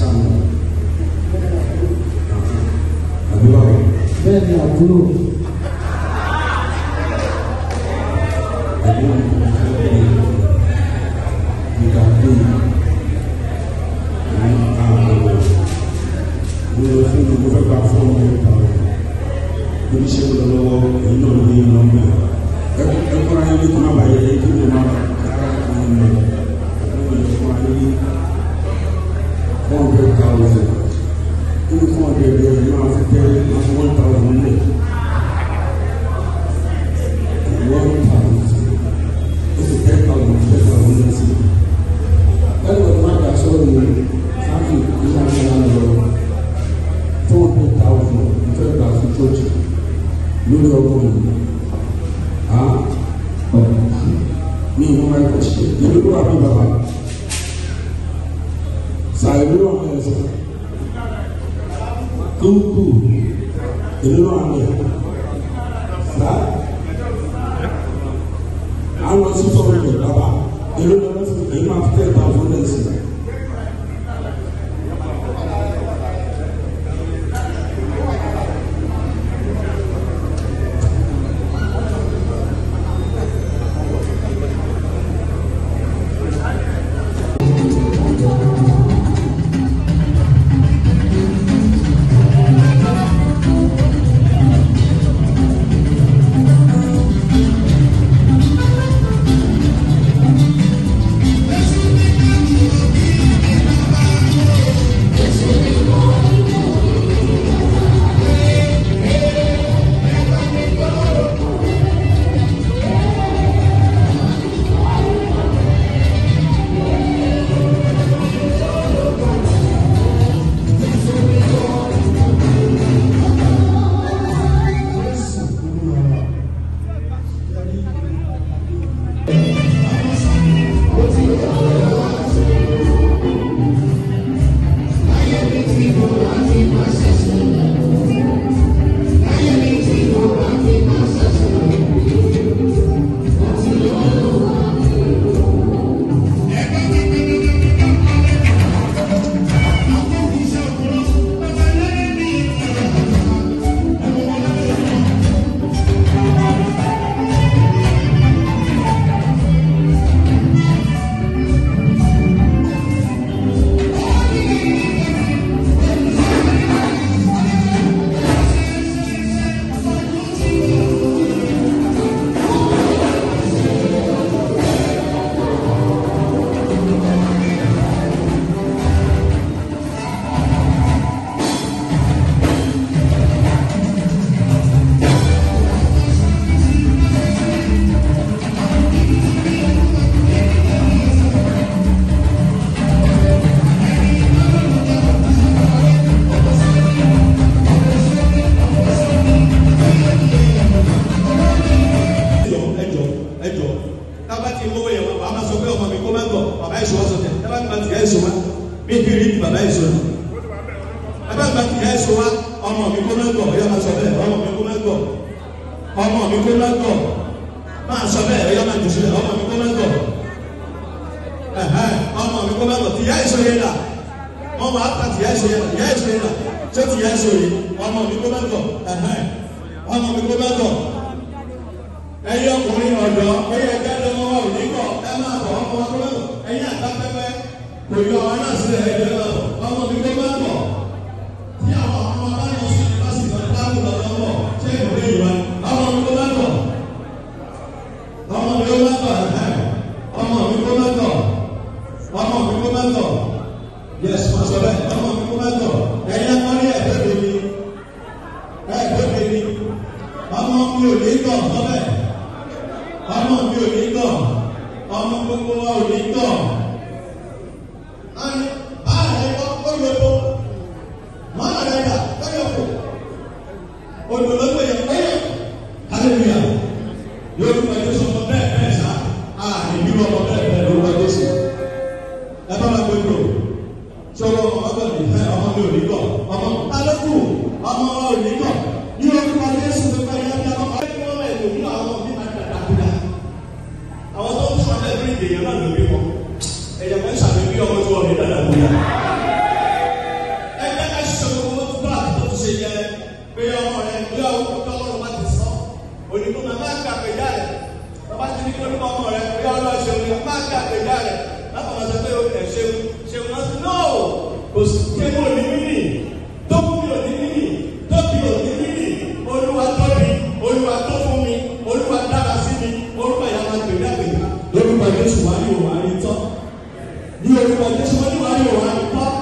sàmù. bẹ́ẹ̀ ni àbúrò. Thank you thousand nínú fún ọdẹ ẹgbẹ ọdún máa fi tẹ máa fi one thousand nílẹ̀ one thousand ó sì ten thousand ten thousand nílẹ̀ sí i ẹgbẹ ọdún máa dà sọ̀rọ̀ ní sáfì nígbà tí wọn lọ four hundred thousand fẹẹ gbà fún chọọchì lórí ọgbọ̀n ah ní ìwọ̀n máa ń kọ̀ ṣe ìlú wà bí bàbá ẹlẹ́rọ àmì ẹ̀sẹ̀ kúkú ẹlẹ́rọ àmì ẹ̀sẹ̀ àwọn ọ̀sùn sọ̀rọ̀ ẹ̀dá bá ẹlẹ́rọ ẹ̀sẹ̀ ẹ̀yìn máa fi tẹ̀ ẹ̀dá fún ẹ̀sẹ̀. tábà ti mú wẹ̀yẹ̀ wọn bàbá sọ pé ọmọ mi kó má gbọ̀ bàbá èso wọn sọ tẹ̀ tábà mi ma tìyà èso wa mi bí rí bàbá èso ni tábà mi ma tìyà èso wa ọmọ mi kó má gbọ̀ ọyọ́ ma sọ bẹ́ẹ̀ ọmọ mi kó má gbọ̀ ọmọ mi kó má gbọ̀ máa sọ bẹ́ẹ̀ ọyọ́ ma jùsọ bẹ́ẹ̀ ọmọ mi kó má gbọ̀ ọmọ mi kó má gbọ̀ tìyà èso yẹn la wọn wà á ta tìyà la tìyà èso yẹn la tó tìyà èso yẹn ọmọ mi kó má gbọ̀ ọmọ mi kó má gbọ̀ ẹ̀yọ́ ọkùnrin ọ̀dọ́ ó yẹ àwọn ọmọ ọdún mẹ́wọ̀ ẹ̀yìn àtàpẹ́pẹ́ kò yọ ọ̀rọ̀ náà sílẹ̀ ẹ̀jẹ̀ náà ọmọ mi tó bá mọ̀ tí àwọn ọmọ báyọ̀ sí yunifásitì náà dáàbò lọ́wọ́ mọ̀ ṣé ìwé ìwà ọmọ mi tó bá mọ̀ ọmọ mi tó bá mọ̀ ọmọ mi tó bá mọ̀ ọmọ mi tó bá mọ̀ yẹs mọ̀sọ̀rẹ́ ọmọ mi tó bá mọ̀ ẹ̀yìn akọ́rí ẹ̀fẹ́ mi ni ẹ̀fẹ́ mi ni ọmọ mi ò ní tọ̀ ọ Ama kung mga ulito, pé ọmọ rẹ ìlú àwọn òkúta ọlọ́run bá ti sàn òdìbò màmá àkàpèjà rẹ bàbá ti ní kí lórí ọmọ rẹ pé ọlọ́run ṣe òní màmá àkàpèjà rẹ bàbá wọn sọ pé ó kẹ̀ ṣeun ṣeun náà ti náà kò sí kéwòn ní mímì tó kú mi ò ní mímì tó bí ò ní mímì olúwa tó mi olúwa tó fún mi olúwa dára sí mi olúwa ìyá máa gbèrè àgbèrè lórúkọ Jésù wáyé òwárí tán ní orúkọ Jésù wáyé òwárí tán.